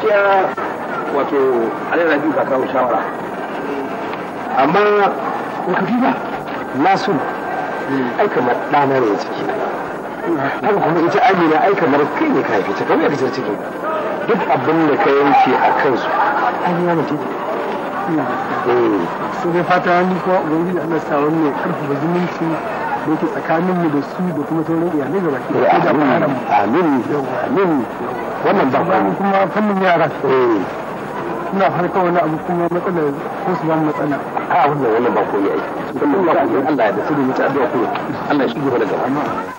gaskiya wato alayyar biyu ka kawo shawara amma ka na nasu ai kamar ɗana ne ciki haka kuma ita amina ai kamar kai ne ka haife ta kamar yadda ta ciki duk abin da ka yanke a kansu an yi wani ciki sai fata ni kuma ubangiji Allah sa wannan karfafa zumunci da yake tsakanin mu da su da kuma sauran iyalai gaba ki da da amin amin wannan ba kuma fannin yara eh ina farka wani abu kuma matsalar ko su ba matsala a ah, wannan wannan ba ko kuma Allah ya da su da mutu addu'a ku Allah ya shige da gaba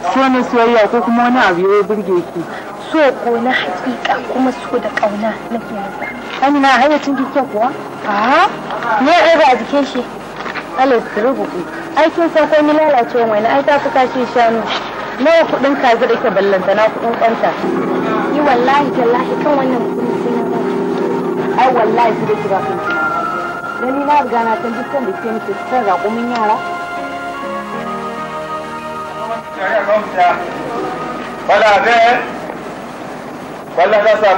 so na soyayya ko kuma wani abu ya burge ki so ko na hakika kuma so da kauna na kiyasa amina hayyacin kike kuwa a ne ai ba a jikin shi alai rubu ai kin san ko ni lalace mai na ai ta fi shi shanu nawa kudin kaza da ke ballanta na kudin kwanta yi wallahi tallahi kan wannan kudin sai na ai wallahi su da kira ba kan ni na riga na san dukkan da ke mutu kan raƙumin yara fada kamsa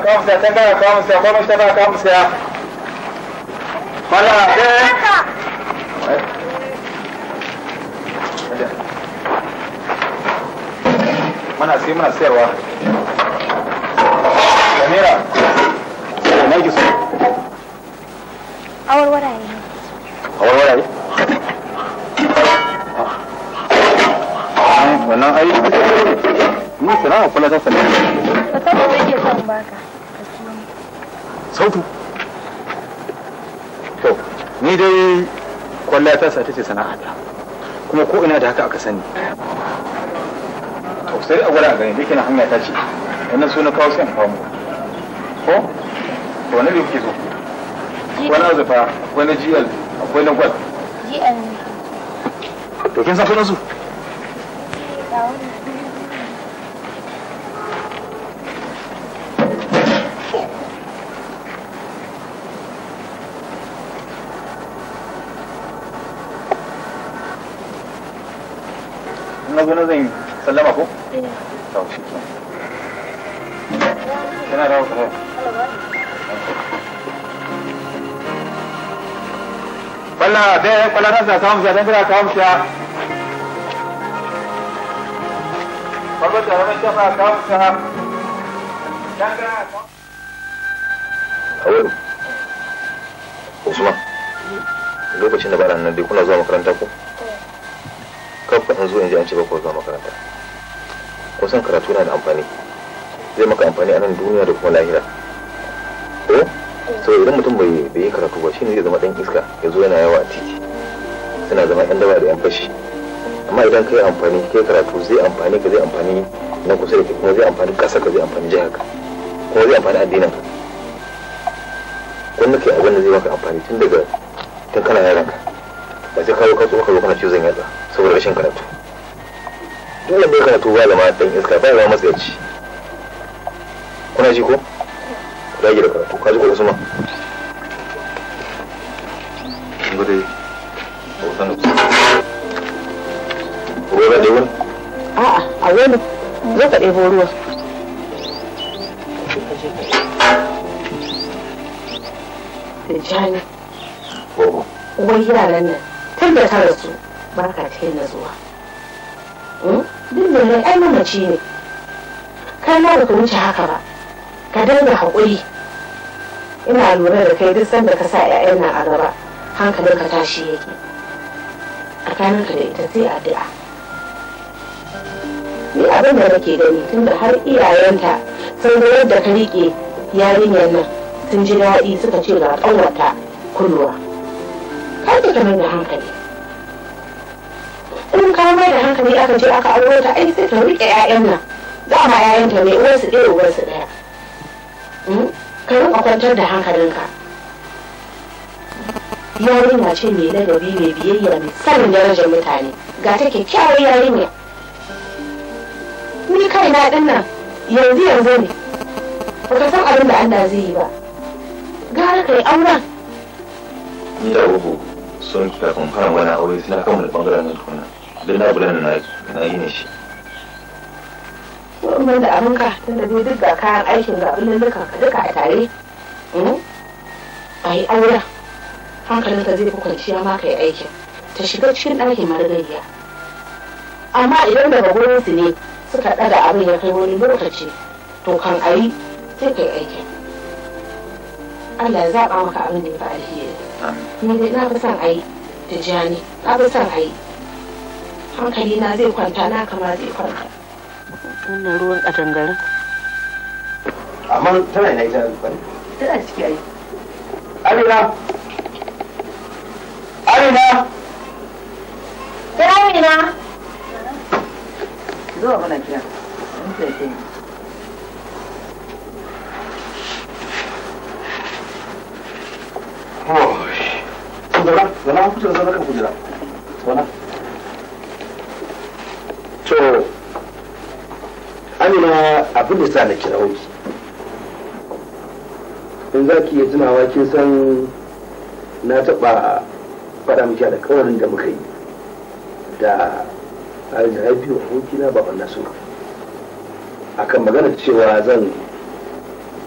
kamsa kamsa mana sai mana sayarwa samira na ki awarwaraye awarwaraye wannan ai ni sana'a kula ta sana'a ka san me yake son baka sautu to ni dai kwalla ta sa ta ce sana'a ta kuma ko ina da haka aka sani to sai a gwada a gani dake na hanya ta ce wannan suna kawo sai an famu ko to wani yake zo wani azufa akwai na gl akwai na gwal gl to kin san sunan su na zo na zan sallama ko? Tau shi ke. Yana dawo kare. Balla zai kwalara sa samu shi a dan kawo shi babbar karamar shafa kawunta lokacin da bara nan dai na zuwa makaranta ko Kau in zuwa in an ce ba zuwa makaranta Kusan karatu na da amfani zai maka amfani a nan duniya da kuma lahira ko so idan mutum bai yi karatu ba shine zai zama ɗan iska ya zo yana yawa a titi suna zama yan daba da yan fashi amma idan kai amfani kai karatu zai amfani ka zai amfani na kusa da kuma zai amfani kasa ka zai amfani jihar ka kuma zai amfani addinin ka wanda kai abin da zai maka amfani tun daga tun kana yaran ka ba sai kawo kasu ka kana cizon yatsa saboda rashin karatu dole ne karatu ba zama dan iska ba zama matsayaci kuna ji ko rage da karatu ka ji ko ma? Auwalu zo ka ɗebo ruwa. Tijjani. Uban yaran nan tun da ta rasu ba ka cikin na zuwa. Hmm? Duk da ne ai mamaci ne. Kan na ka wuce haka ba. Ka dinga haƙuri. Ina lura da kai duk sanda ka sa 'ya'yan nan a gaba ka tashi yake. Tsakaninka da ita sai addu'a. ni abin da nake gani tunda har iyayenta sun ga yadda ka rike yarinyar nan sun ji daɗi suka ce ga ƙaunarta kulwa Kar ki kamar da hankali in ka mai da hankali aka je aka aure ta ai sai ta rike 'ya'yan nan za ma 'ya'yanta ne su ɗaya uwar su ɗaya hmm? ka rika kwantar da hankalinka yarinya ce mai ladabi mai biyayya mai sanin darajar mutane ga ta kyakkyawar yarinya ni kai na din nan yanzu yanzu ne ka san abin da Allah zai yi ba gara kai auren ni da ubu sun kafin fara wani aure sai na da bangaren nan tukuna don na gudanar na na yi ne shi ban da abinka tun da duk ga kayan aikin ga abin duka ka duka a tare hmm? a yi hankalin hankalinka zai fi kwanciya ma ka yi aikin ta shiga cikin ɗakin marigayya amma idan daga su ne suka ɗaga abin ya kai wani lokaci to kan ayi sai kai aikin Allah ya zaɓa maka abin da ya fi alheri ni dai na fi son a jiya tijjani na fi son ayi hankali na zai kwanta na kama zai kwanta wannan ruwan katangarin amma tana ina ita alfari tana ciki ayi. amina amina 这样，很确定。Ой. Куда? Куда? Куда? Куда? Куда? Куда? To, Amina abin da sa na kira wani. In za ki iya tunawa kin san na taɓa faɗa miki da kawarin da muka yi da a biyu abokina baban na sun kafa. akan magana cewa zan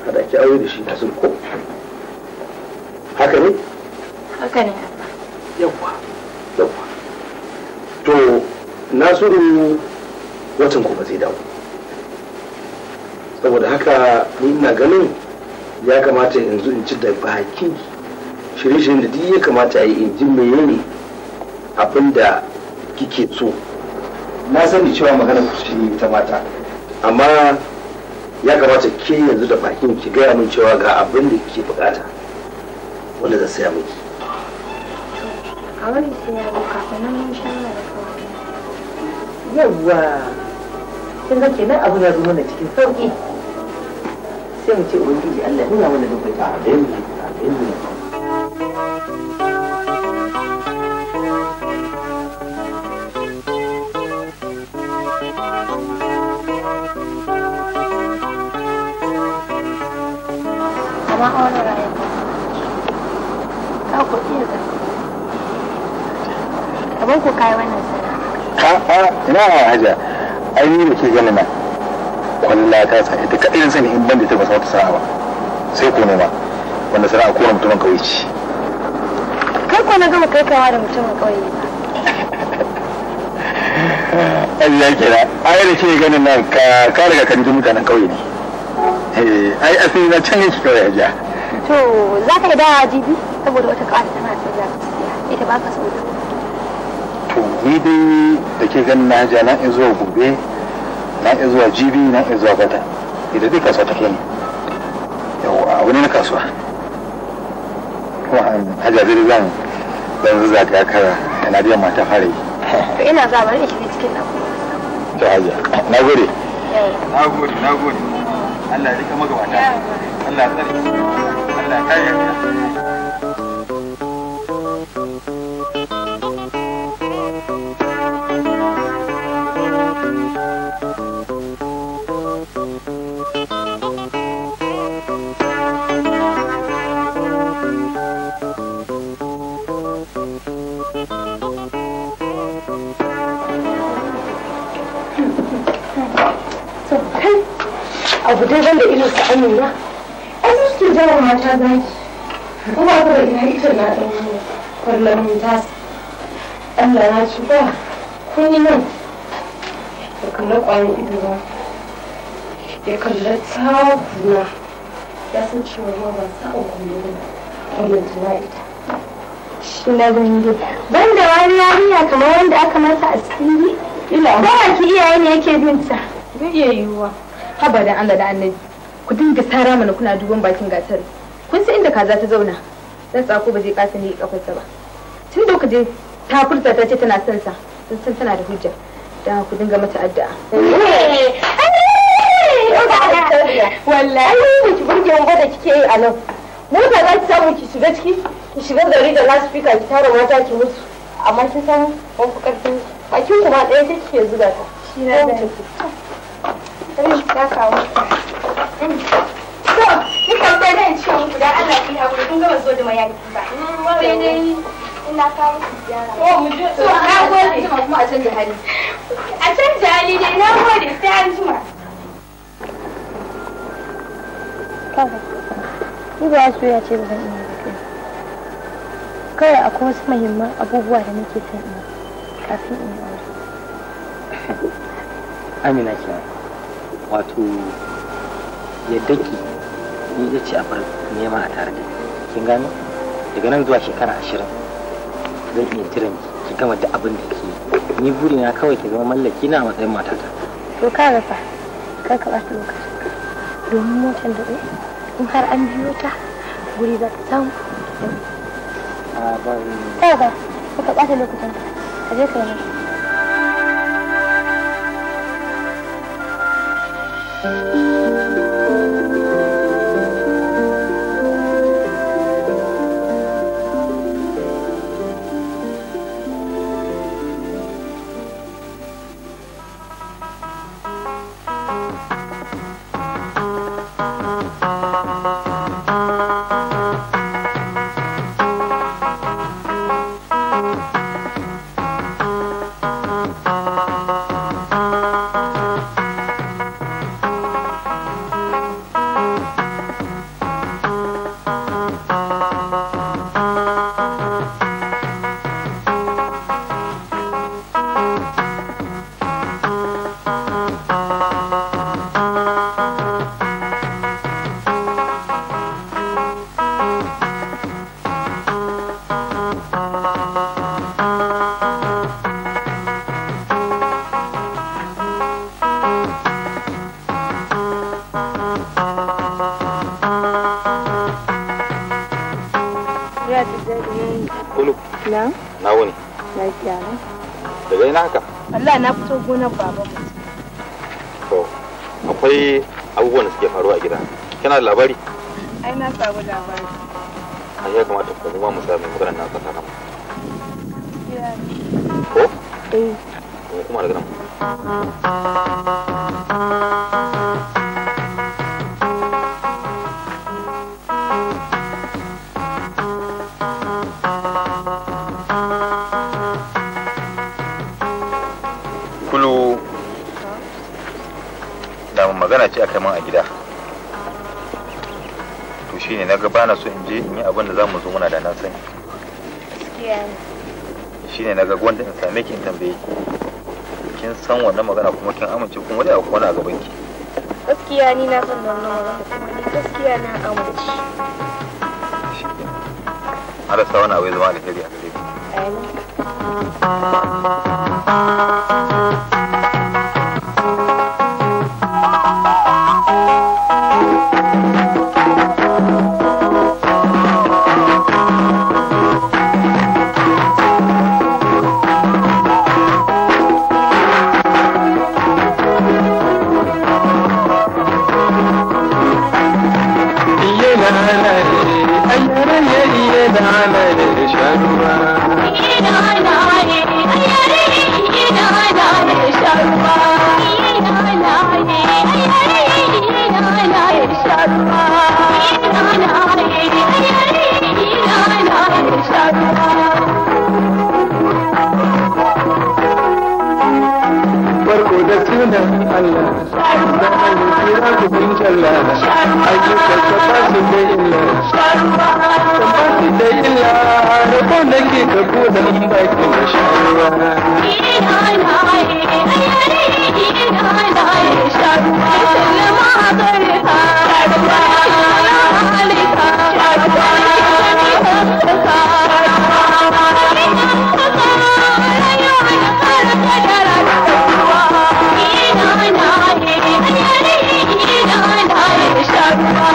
hada ki aure da shi ta sulko haka ne haka ne yawwa yawwa to nasiru watan ku ba zai dawo saboda haka ni ina ganin ya kamata yanzu in ci da baki shirye-shiryen da duk ya kamata a yi in ji meye abin da kike so na sani cewa magana ku shi ta mata amma ya kamata ke yanzu da bakin ki gaya min cewa ga abin da ke bukata wanda za saya miki yawwa wani sai nan kenan abu ya zo mana cikin sauki sai mu ce ubangiji Allah nuna mana ta amin ma aure ya ka iya ka abin ku kai wannan sana'a a ina haja ai ni da ke gani nan kwalla ta sa ita kadai sani in ban da ba sa sana'a ba sai ko noma wanda sana'a ko mutumin kauye ce kai ko na gama kai kawa da mutumin kauye ba Allah kira ai da ke ganin nan ka ka riga kan ji mutanen kauye ne Eh, ai asiri na can yake kawai ajiya to za ka da dawa jibi saboda wata kawai tana son za ka siya ita ba ka so to ni dai da ke ganin na ja na iya zuwa gobe na iya zuwa jibi na iya zuwa gata ita dai kasuwa take ne yawa wani na kasuwa hajiya zai zan zan zaga kara tana biyan mata fara yi to ina za bari in shiga cikin nan to hajiya na gode eh. na gode na gode Allah ya rika magabata Allah ya tsare Allah ya kare na zaki kuma kawai na ita na ɗan kwallon ta Allah na ci ba kun yi nan ya kalla ƙwarin ido ba ya kalla takuna ya san cewa ma ba a kwallo ba wannan tana ita shi na gani ban da wani yarinya kamar wanda aka mata asiri ila ba ki iyaye ne yake binta zai iya yiwuwa haba dan Allah da annabi ku dinga tara mana kuna duban bakin gasar kaza ta zauna dan tsako ba zai kasa ne ta ba tun da je ta furta ta ce tana son sa sun san tana da hujja dan ku dinga mata addu'a wallahi ki burge mun da kike yi a nan mota za ki samu ki shiga ciki ki shiga gari da speaker ki tara mata ki musu amma kin san ban fi a kin kuma ɗaya ki kike zuga ta shi na da ta kawo ku dan Allah ku yi hakuri kun gama da ba mm, ina kawo ziyara oh mu je so na gode kuma a canja hali a canja hali ne na gode sai an jima ni ba su ya ce ba zan iya kai. kawai akwai wasu mahimman abubuwa da nake son in kafin in amina kenan wato yadda ki ni ya a farko nema a tare da kin gano daga nan zuwa shekara ashirin zan iya jiran ki gama da abin da ke ni buri na kawai ki zama mallaki na matsayin matata to ka ga fa kar ka bata lokaci domin motar da ɗaya in har an biyo ta guri za ta samu ta ba ba ka bata lokacin ka je ka yi mata thank you 你那个弄弄了。ko da sunan Allah da alƙira gudun jalla ayyukan ka ba su da illa kan ba su da illa da da ke ka ko in ba ki da sharuwa ka, sharuwa.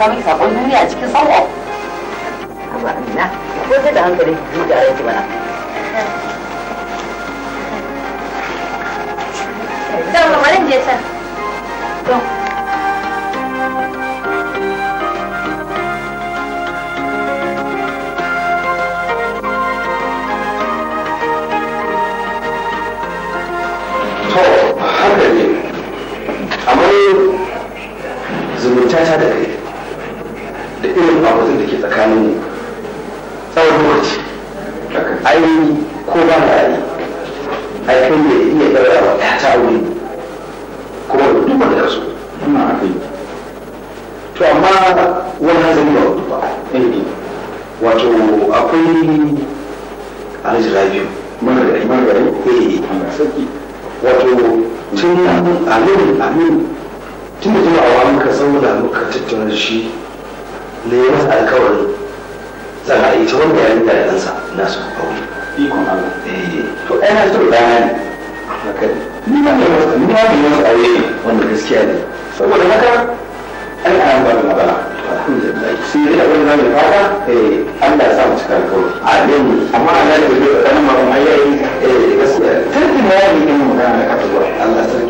ka miki duniya cikin sawo amma amina ko sai da hankali ki ji da ranki mana dan mamarin je can don zumunta ta da kai tsakanin mu saboda lokaci ai ko ba na yi ai kai ne iya daura wa ta ta aure kuma da duk wanda su ina a kai? to amma wani hanzari ba wani ba eh, wato akwai aljira biyu magari magari eh wato tun amin amin tun da jima'a muka zauna muka tattauna shi ne ya masa alkawarin za a yi ta wanda ya rinda da ɗansa na su aure ikon Allah eh, to ai na zuwa ɗana ne haka ni ma ne wasu ni ma ne wasu aure ne wanda gaskiya ne saboda haka ai ana ba da magana alhamdulillah sai dai abin da mai fata eh, Allah ya sa mu kawai. a amin amma Allah ya yi da ɗan magana ai yayi eh, gaskiya tun da ya yi ɗan magana da kafa Allah sarki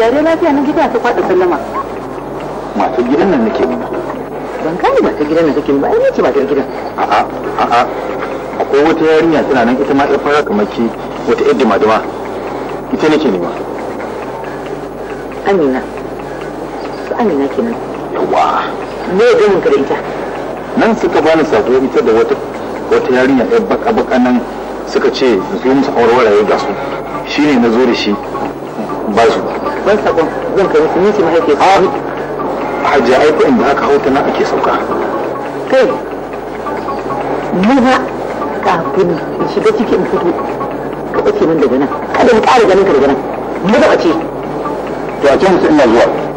yare lafiya na gida ta faɗa sallama masu gidan nan nake nuna ban kani masu gidan nan take nuna ai nace masu gidan a'a a'a akwai wata yarinya tana nan ita ma ɗan fara kamar ki wata yadda madama ita nake nema amina su amina kenan yawa me ya gamin ka da ita nan suka bani sako ita da wata wata yarinya ɗan baka baka nan suka ce zuwa yi musu aure waraye ga su ne na zo da shi ba su ba babban sakon zan kai musu nisi mahaifiyarsa. A ah. hajji inda aka hauta na ake sauka. Kai, maza kafin in shiga ciki in fito ka ɓace min daga nan. Kada mu ƙara ganin ka daga nan. Mu To a ina zuwa.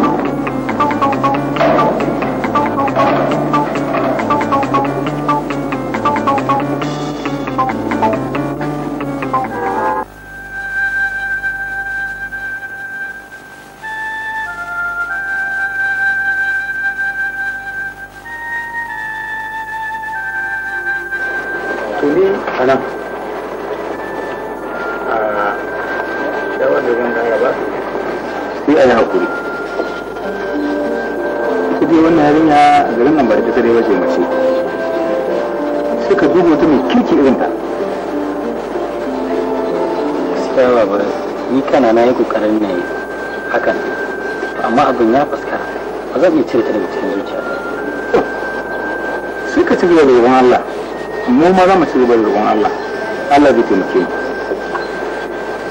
ma za mu ci gaba roƙon Allah Allah zai taimake mu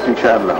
insha Allah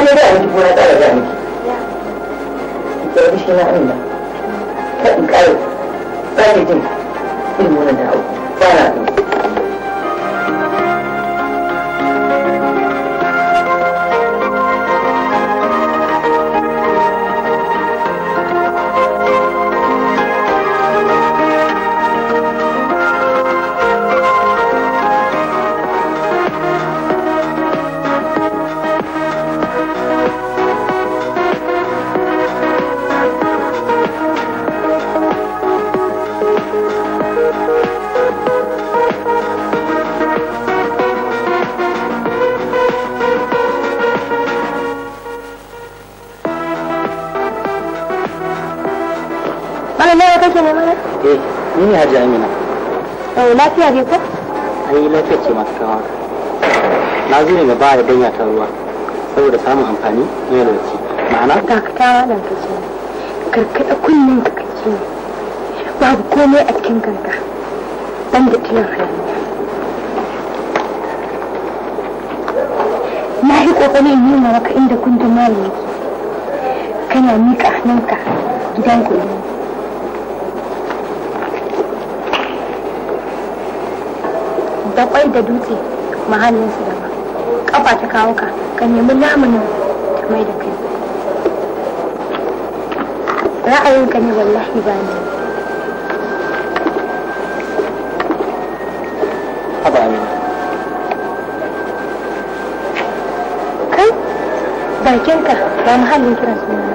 na je da yanki ko na tsara da yanki ya yi shi na amina ta in kare ba ki da ba na lafiya ne ko ai lafiya ce masu kawo na zo ne na ba da danya ta ruwa saboda samun amfani na yau ma'ana dakatawa da ka ce karkata kunnen ka kake babu komai a cikin kanka ban da tilar hayaniya na yi kokarin nuna maka inda kundin yake. kana nan hannunka gidan kuɗi kwai da dutse mahallin su daban kafa ta kawo ka ka nemi namuna ta mai da kai ra'ayinka ne wallahi ba ne kai bakinka ba muhallin kiran suna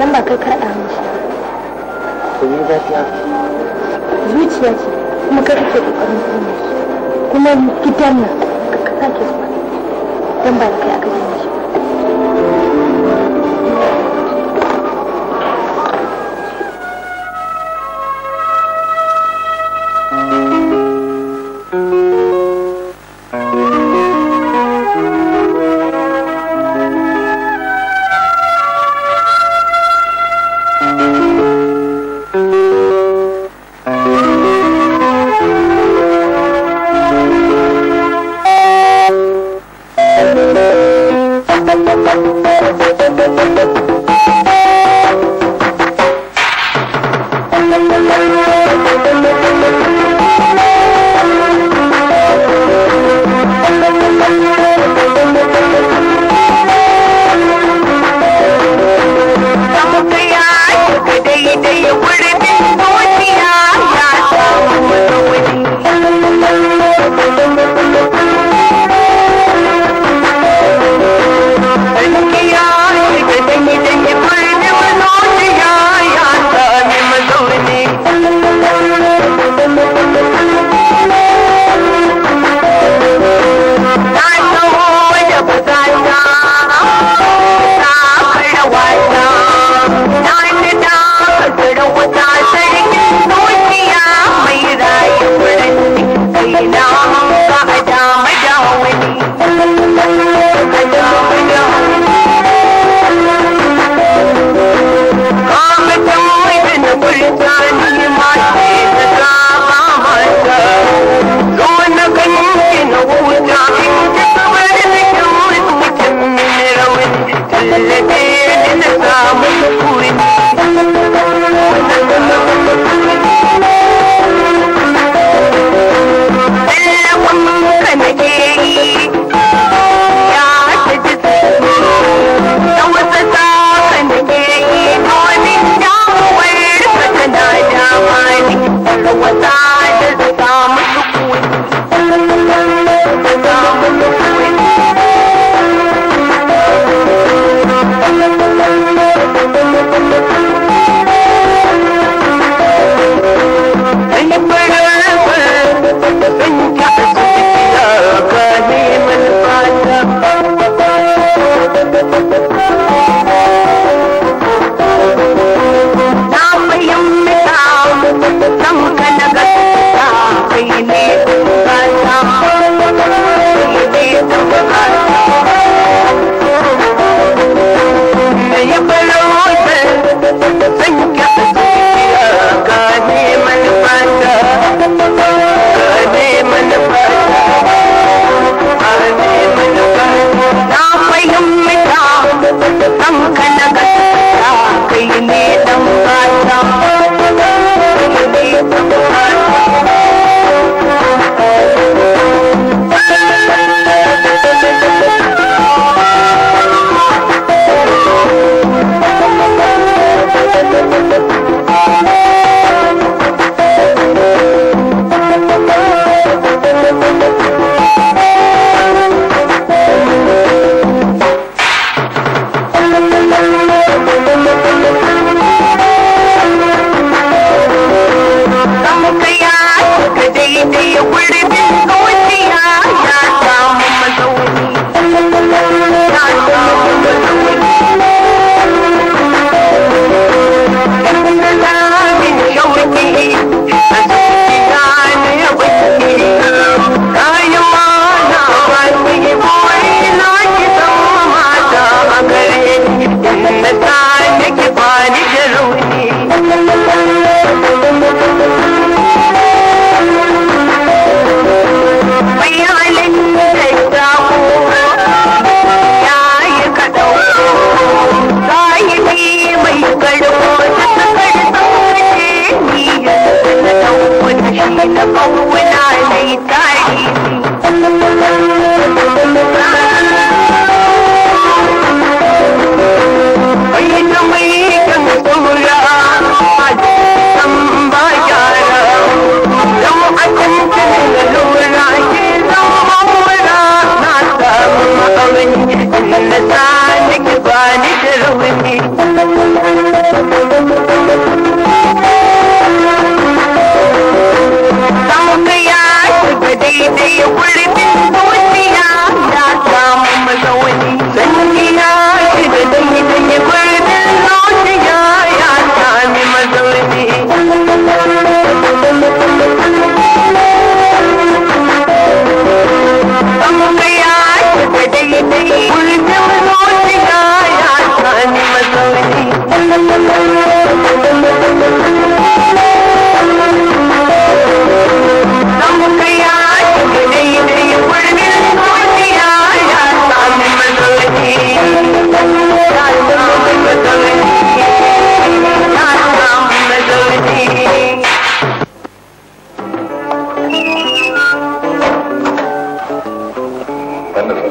don ba kai karɗa mishi zuciya ce kuma kai kake ƙoƙarin kuma shi kuma gidan nan ka sake zuwa don ba da kai aka gina shi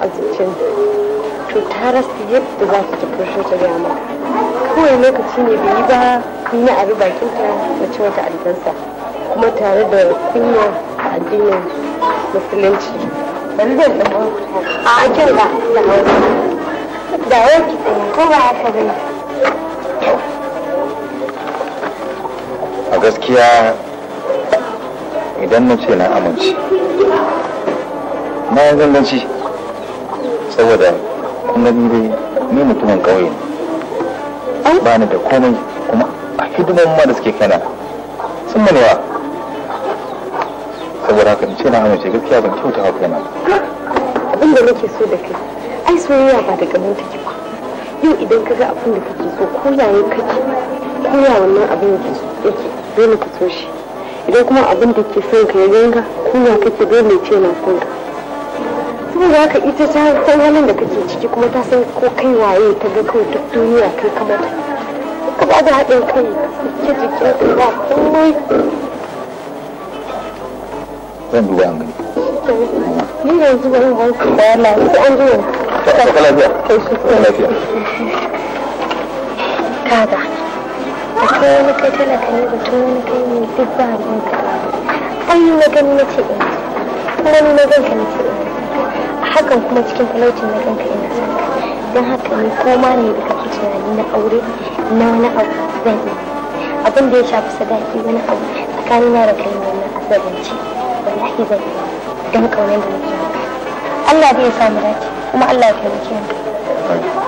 a zuciyarta to ta rasa yadda za ta tafi ta gaya maka kawai lokaci ne bai yi ba na a bakinta na ci mata albansa kuma tare da kunya a addinin musulunci bari zan ɗan a kyau da da hausa da yau ki tsaye ko ba ka bane a gaskiya idan na ce na amince na yanzu ganci saboda kuma gani dai ni mutumin kauye ne ba ni da komai kuma a hidimar ma da suke kana sun mani ba saboda haka ce na amince gaskiya ban kyauta haka yana abin da nake so da kai ai soyayya ba da gaban take ba yau idan ka ga abin da kake so ko yaya kake ko ya wannan abin so yake dole ka so shi idan kuma abin da ke son ka ya ganga ko ya kake dole ce na son ka saboda ka ita ta san halin da kake ciki kuma ta san ko kai waye ta ga kawai duk duniya kai kama ta ka ba da haɗin kai ke jikin ka ba komai zan duba an gani ni yanzu ba yin wanke da yana sai an ta ka lafiya shi ka lafiya kaga akwai wani kai talaka ne batun wani kai ne duk ba a abin ka ayi na gani na ce in kuma ni na gan ka na ce in hakan kuma cikin talaucin na kanka ina son ka don haka ne koma ne da kake tunani na aure na wani abu zan yi abin da ya shafi sadaki wani abu tsakanin na da kai wannan azabance wallahi zan yi don kaunar da nake Allah zai sa mu dace kuma Allah ya taimake mu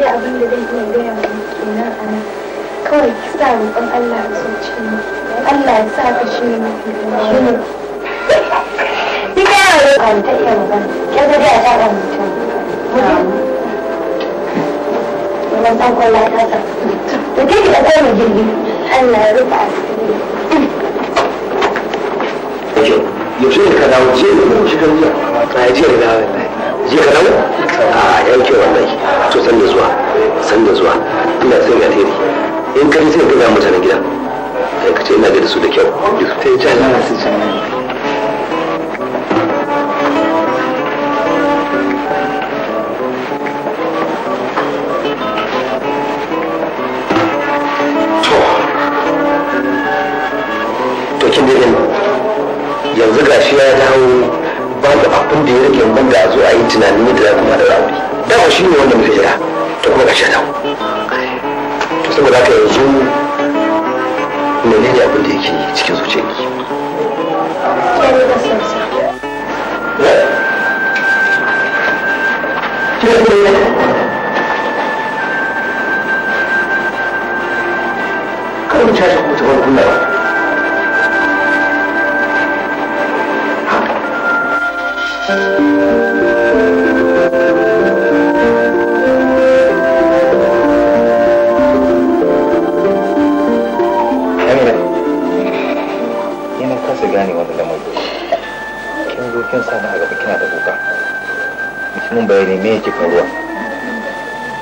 yanzu abin da zai iya gaya mu kenan a nan kawai ki sa roƙon Allah a zuciya Allah ya sa ka shi ne mafi ne ki ga yaro ba ta iya ba ke da ya ta ɗan mutum wannan ɗan kwallon ta sa to ki da kai mu jirgi Allah ya rufa asiri yaushe ne ka dawo ce ne ko shi kan jiya a jiya da dawo jiya ka dawo a yanke wallahi to san da zuwa san da zuwa ina sai ga alheri in ka sai ka ga mutanen gida kai ka ce ina da su da kyau duk sai ya ci Allah sai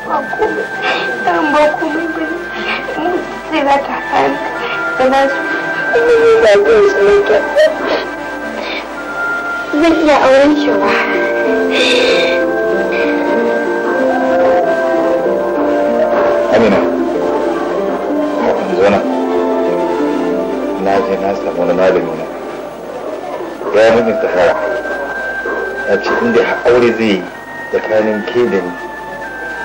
ba komai ɗan ba komai ba ne sai za ta hayan da za su ne ba zai tsaye ta zan iya auren shi ba Amina, zana na je na samu wani malami na ya mun yi sahara ya ce inda aure zai yi tsakanin ke da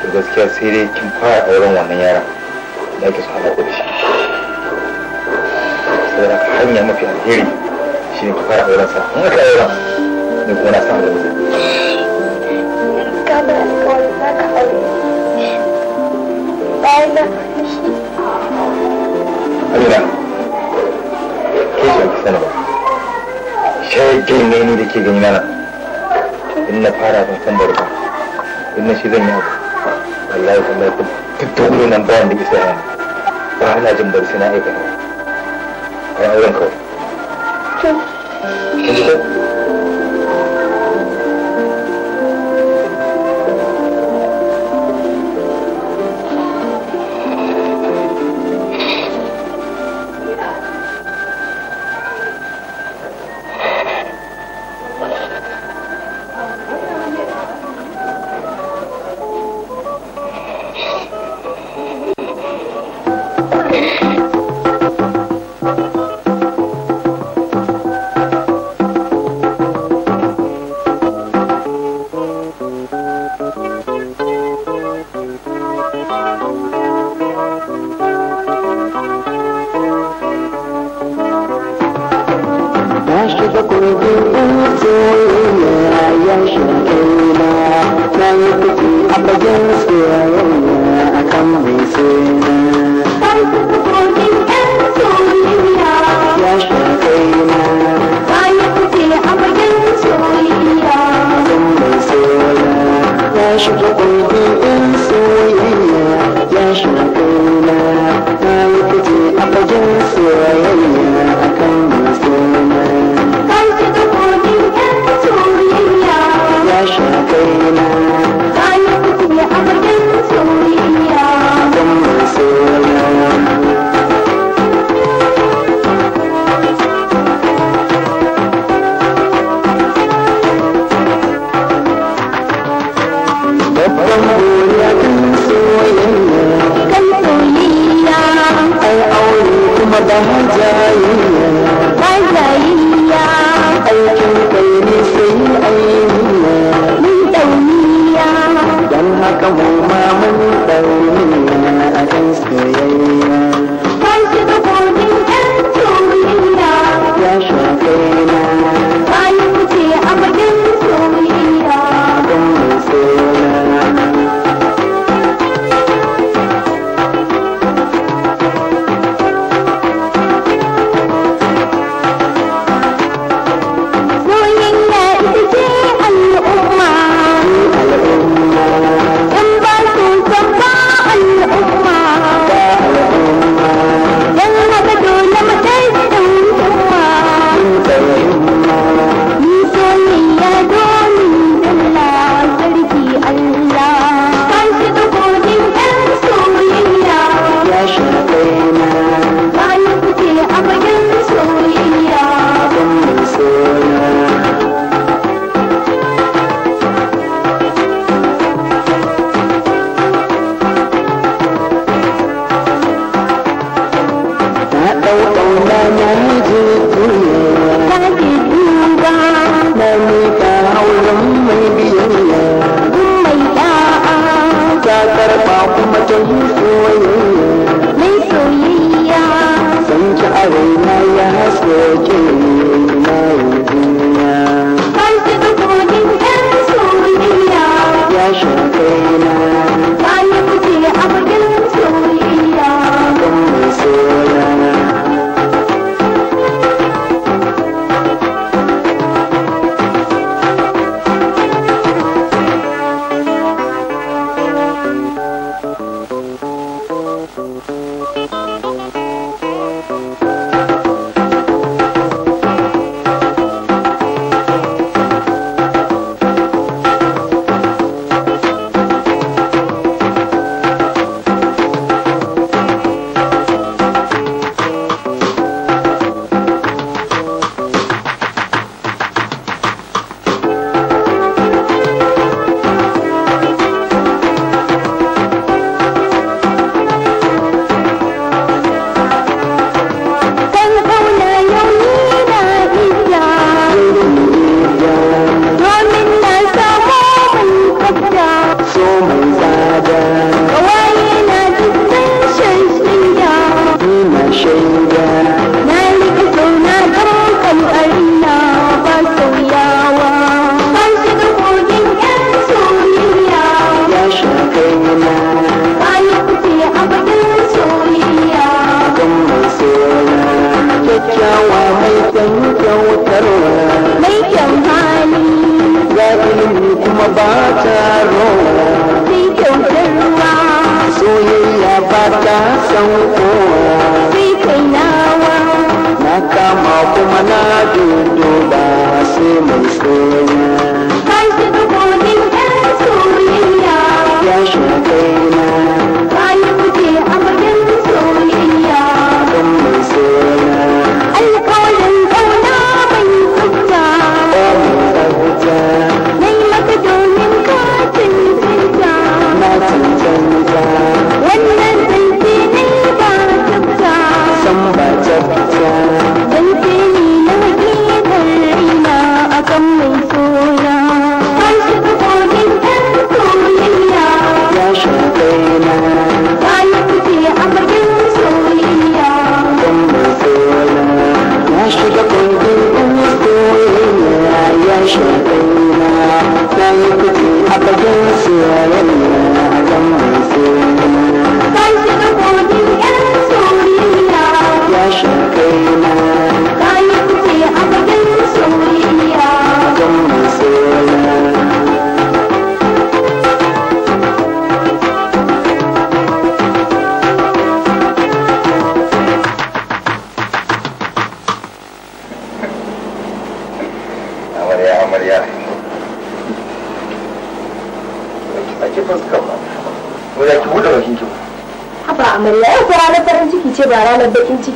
to gaskiya sai dai kin fara auren wannan yaran da ake son haɗa da shi saboda ka hanya mafi alheri shi ne ki fara auren sa in aka auren ne kuma na sa da mutum ka ba alƙawari za ka aure bayan na Amina, ke shi ki sani ba. Shagin ne ni da ke gani na nan. In na fara ban san barba. In na shi zan yi abu. wallahi wallahi duk da wuri nan bayan da bisa yana ana jin bari na aika ne a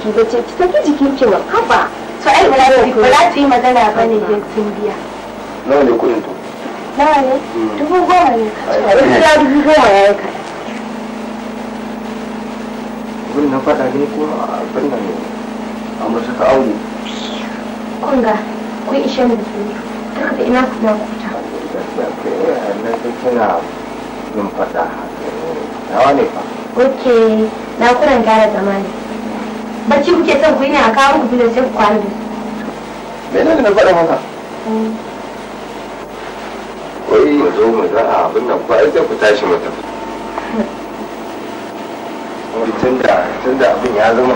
jiki ba ce ki saki jikin ki wa haba to ai ba za ta yi magana ba ne don sun biya nawa ne kuɗin to nawa ne hmm. dubu goma ne ka dubu goma ya yi ka abin na faɗa ne ko a fanna ne a masu ka auni kun ga kun ishe mu da ina ku na kuta na sai kina yin faɗa hawa ne fa ok na kuran gara zamani bacci kuke son ku yi ne a kawo muku filin sai ku kwana ne. me ne na faɗa maka mm. wai mu zo mu za a abin nan ko ai sai ku tashi mu tafi tunda tunda abin ya zama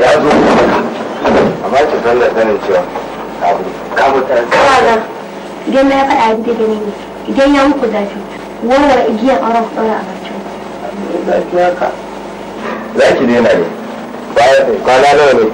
ya zo amma ba ki da sanin cewa abu ka mutar kawaga idan na ya faɗa abin da gani ne idan ya muku zafi wannan igiyar aure ku ɗaura a barci ku. Zafi haka. Zaki ne na ne. bayar kwana nawa ne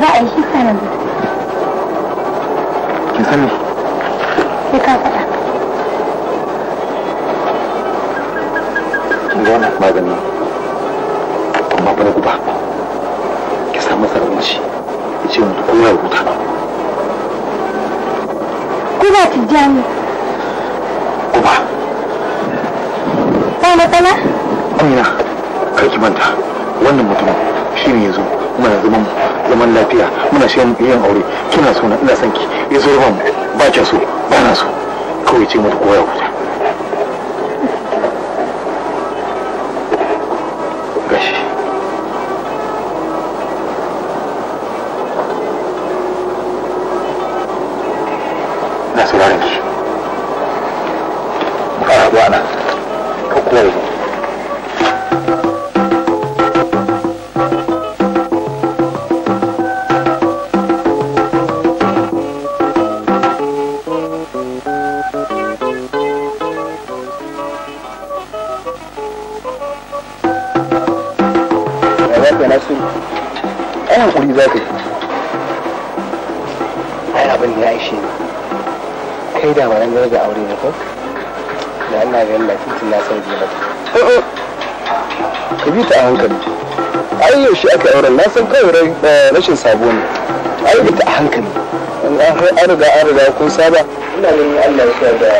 za a yi na sauraron ki. Ba a ruwa san kawai eh, rashin sabo ne ai a hankali an riga an riga kun saba ina ganin Allah ya da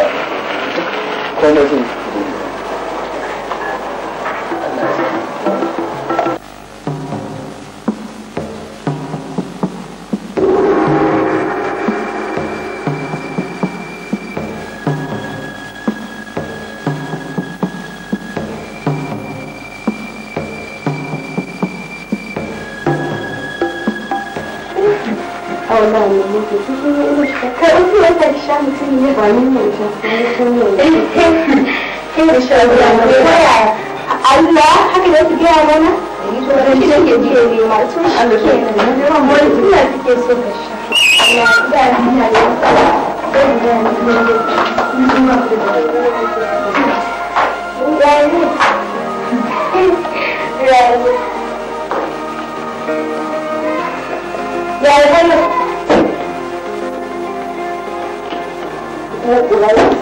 komai Allah haka da su gaya mana rancen ya je ne masu wanda suke so ka sha Allah ya da matsala zan da ya yi hana ya yi hana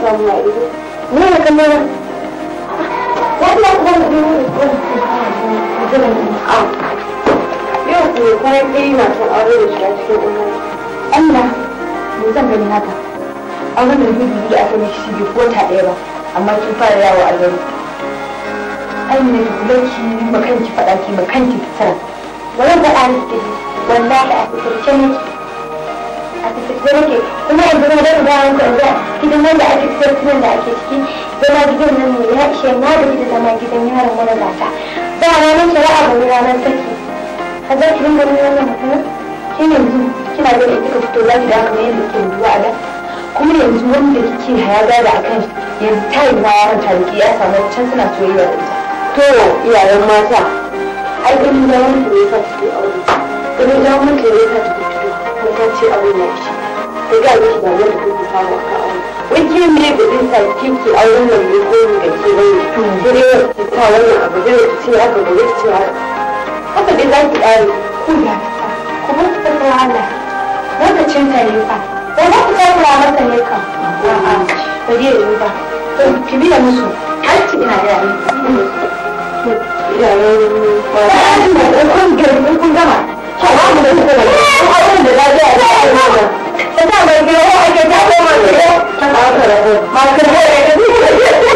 samu na ido ne ya kamar Yau ku kwanan ɗaya na son aure da shi a cikin ɗan Allah, me zan gani haka? Auren da zai biyu a kan shi bai kota ɗaya ba, amma sun fara yawo a gari. Ai ne ki kula ki ma kanki faɗa ki ma kanki Wannan faɗa ne ke wallahi a fitarce ne a fitarce ne kuma yanzu na da ba an kwanza kidan nan da ake fitar da ake ciki zama gidan nan ne ya na gidan yaron wani ba ranar za ki dinga nuna wannan mutum shi yanzu kina da ita fito za ki dawo kuma yanzu wanda kike hayaga da akan yanzu ta yi ya can suna soyayya to iyayen mata ai da aure ce aure na shi ba wanda kuka samu akan wai ke me da din sa kiki a wannan mai gori da ke bai gure sa wannan abu gure ki ce haka gure ki ce haka haka dai za ki ƙare ku da ku kuma ku ta Allah lokacin ta ne fa ba za ku takura masa ne kan a'a ba dai yi ba ki biya musu har ki ina da yayin kun gama ko ba mu da kuma ko da za a yi Ita mai biyo wa ake jago masu yau. Masu yau ya tafi.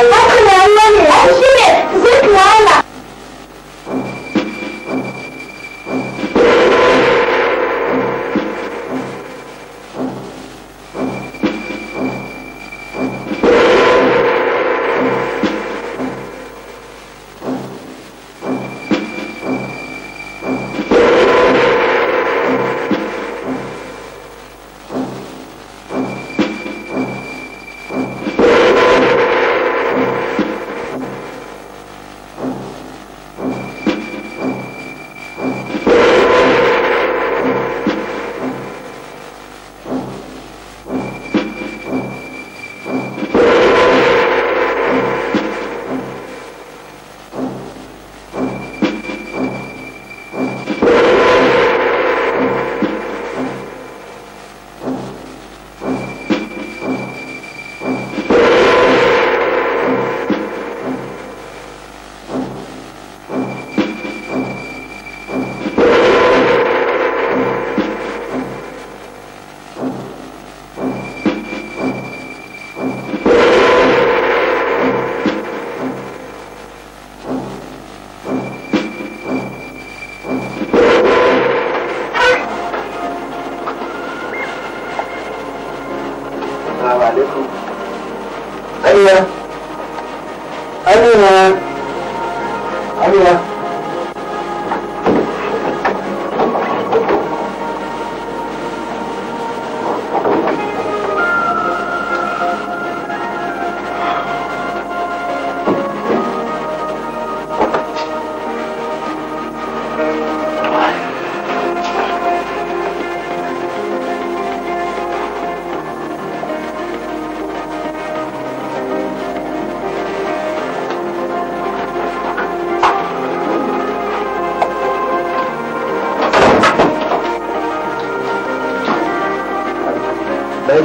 Haka ne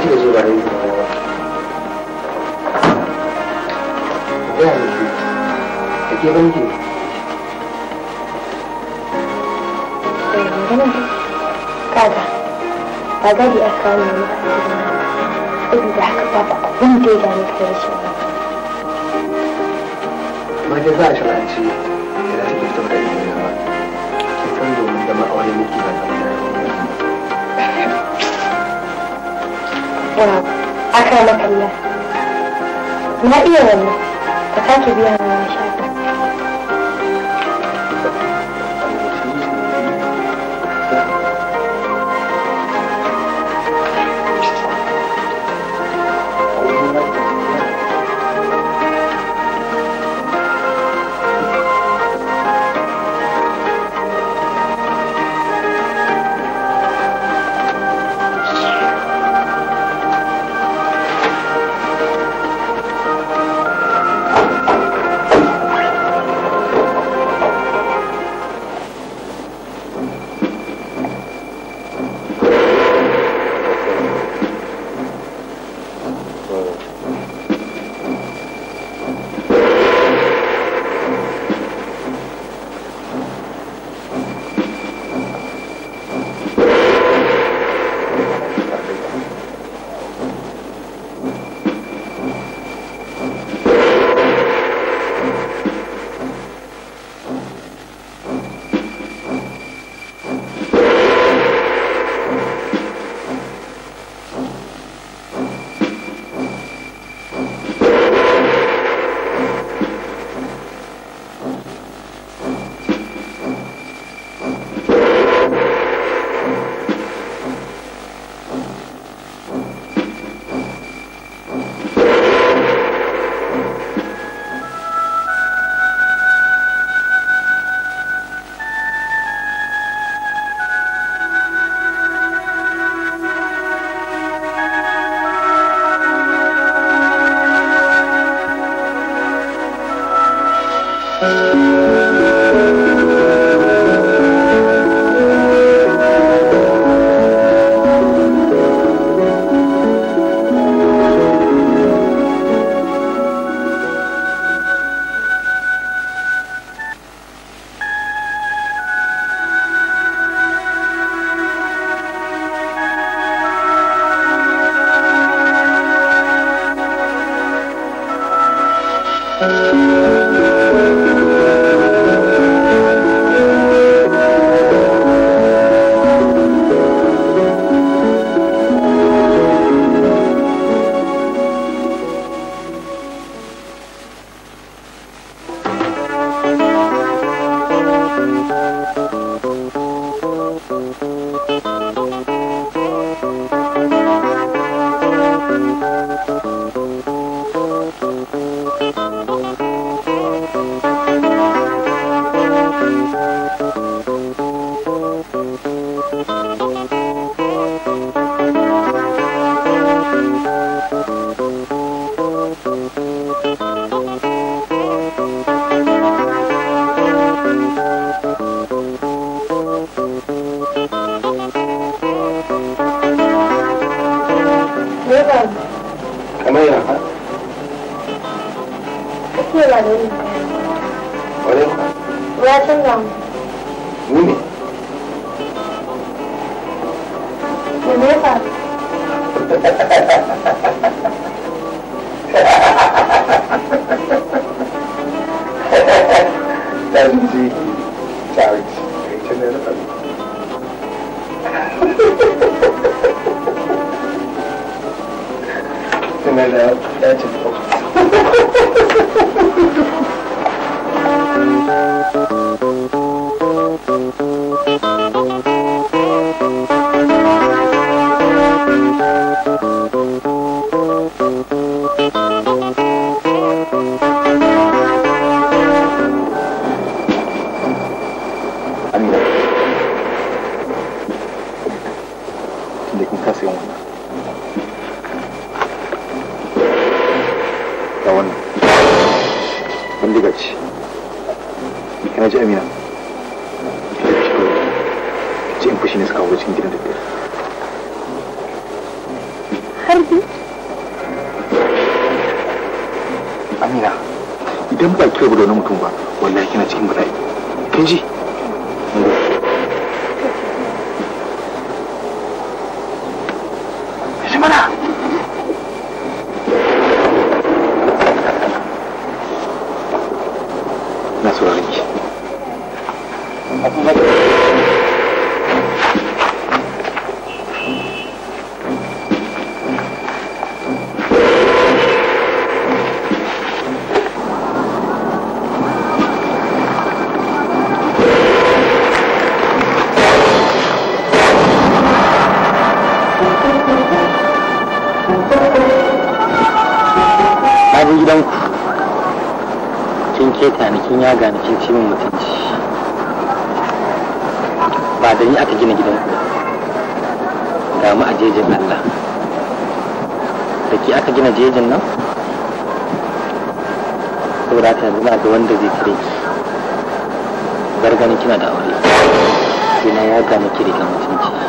kika zo ba da izini ba ya yanzu da ke banki ba gadi a kawo ne a gidan haka ba. abin da ya dame ka rashin ma za a da ta fito da izini ba kin san domin zama ba yawwa aka makalla na iya wannan ka sake biya min shi 东西。ya gane kin cimin mutunci ba da ni aka gina gidan ku ga mu a jejin Allah da ke aka gina jejin nan saboda ta yanzu ga wanda zai cire ki bar ganin kina da aure sai na ya gane ki riga mutunci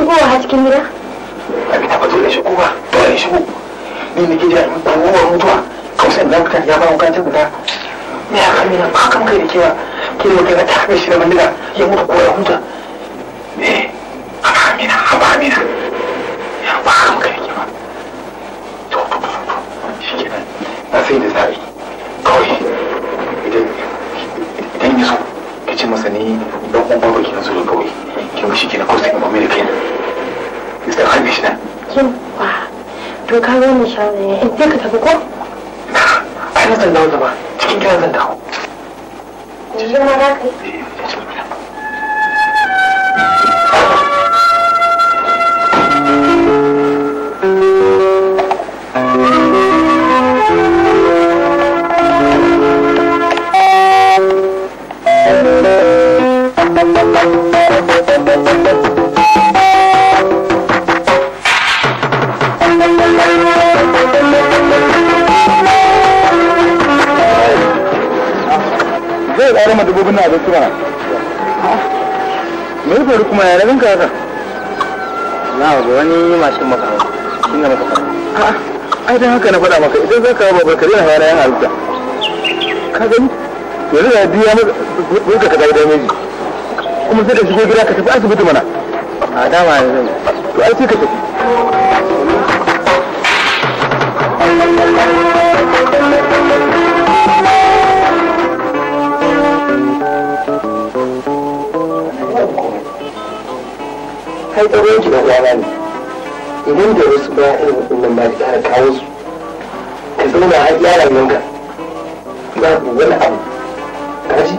shigowa a cikin gida? ba shigo ba, ba shigo. Ni na gida in wa mutuwa, kausan da ka ya ba mu kan tabbata. Me ya kamina ba kan kai da kewa, ke da kai ta shi da bandila, ya mutu ko ya huta. ne mu sha in je ka tafi ko? ka haka na waje wani mashin maka hau shi ne maka a'a ai dan haka na faɗa maka idan za ka hawa babbar kare na hawa yan halitta ka gani yanzu da biya maka burka ka dai dameji kuma sai ka shigo gida ka tafi asibiti mana a dama yanzu to ai sai ka tafi san ɗaurin ki na uwana ne idan da wasu ba irin waɗannan ba da kawo su ka zauna har yaran nan ka babu wani abu kaji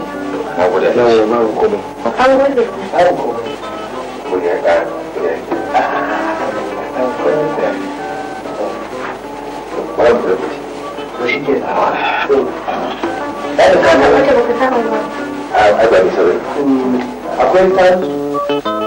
na guda na yau ma ku komai an gudu an gudu ne ka shi ke ka a ba bisa bai akwai ta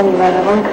الجوار المعلمة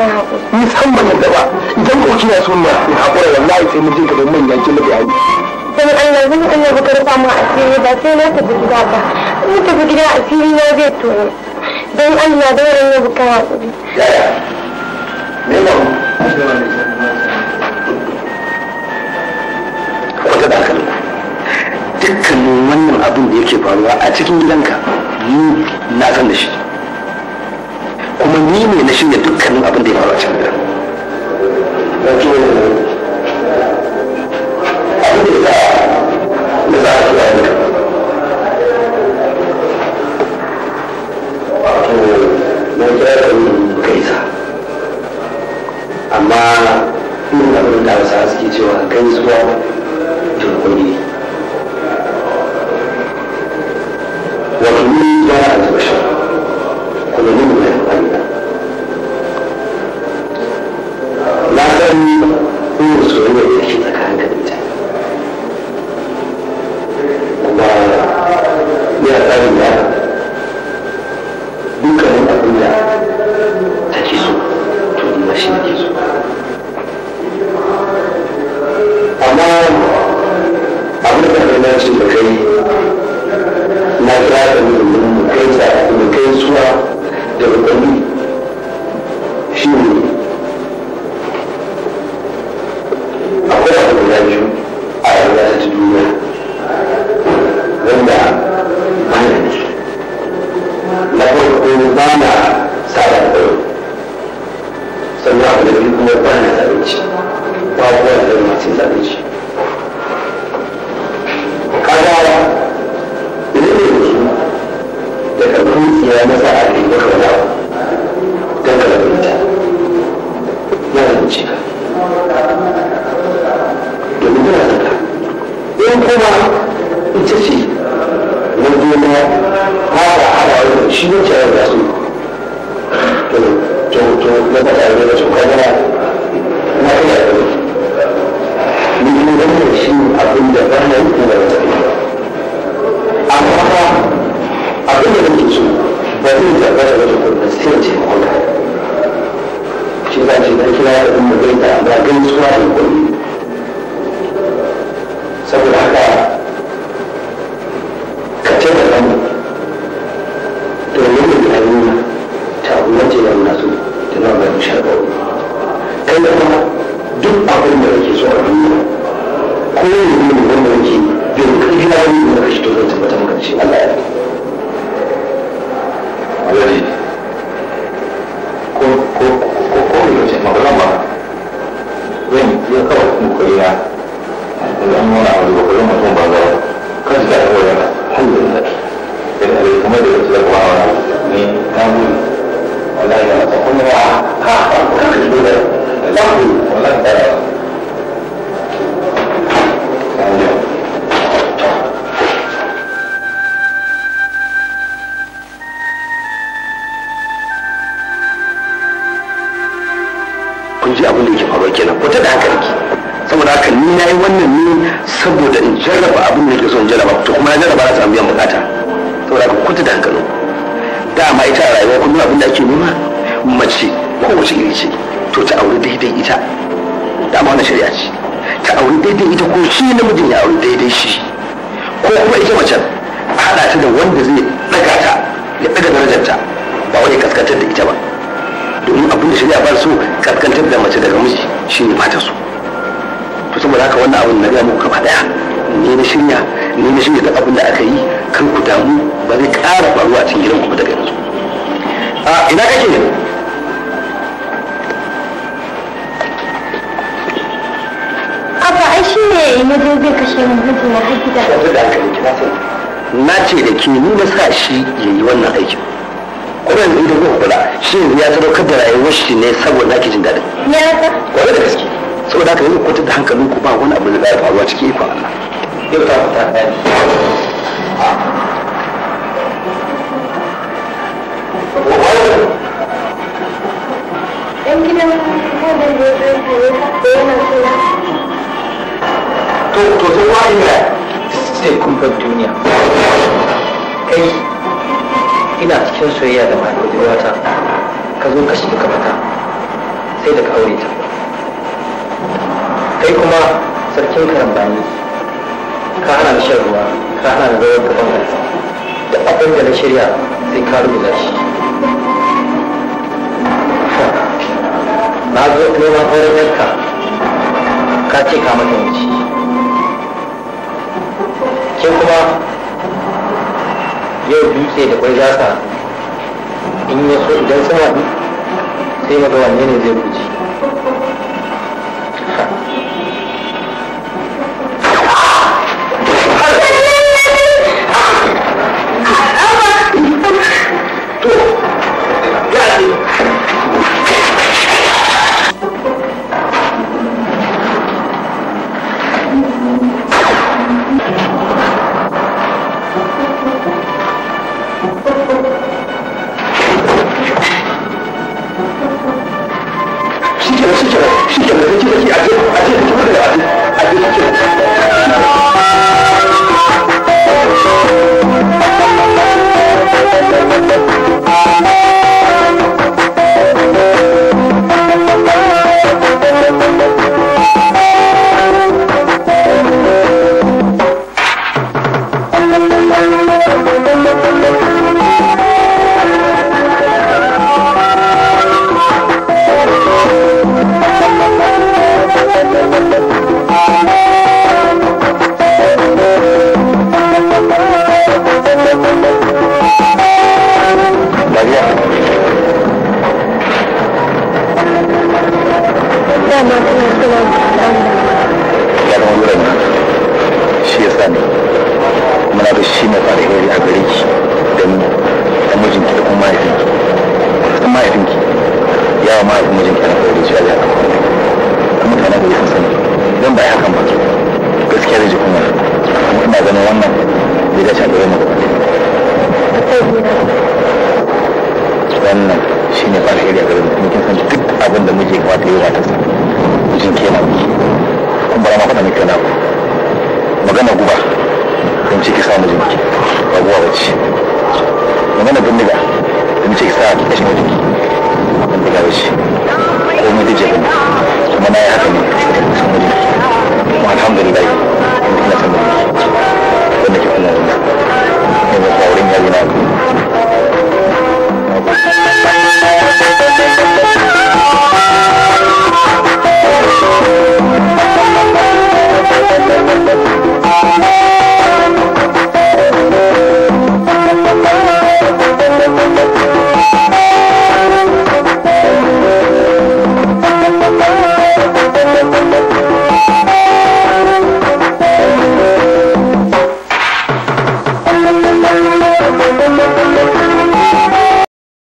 ni san yadda ba idan ko kina so na in hakura wallahi sai mun je gaban manya kin da bayani dan zan dan Allah ka ma a asiri ba sai na tafi gida ba ni tafi gida a asiri na zai tono dan Allah da ran yau ka ya yaya me ba kwata da hankali dukkanin wannan abin da yake faruwa a cikin gidanka ni na san da shi ni ne na shirya dukkanin abin da ya faru a can gidan amma ina abin da wasa suke cewa gaisuwa turkuni wato ni ba na zuwa kuma ni Amém.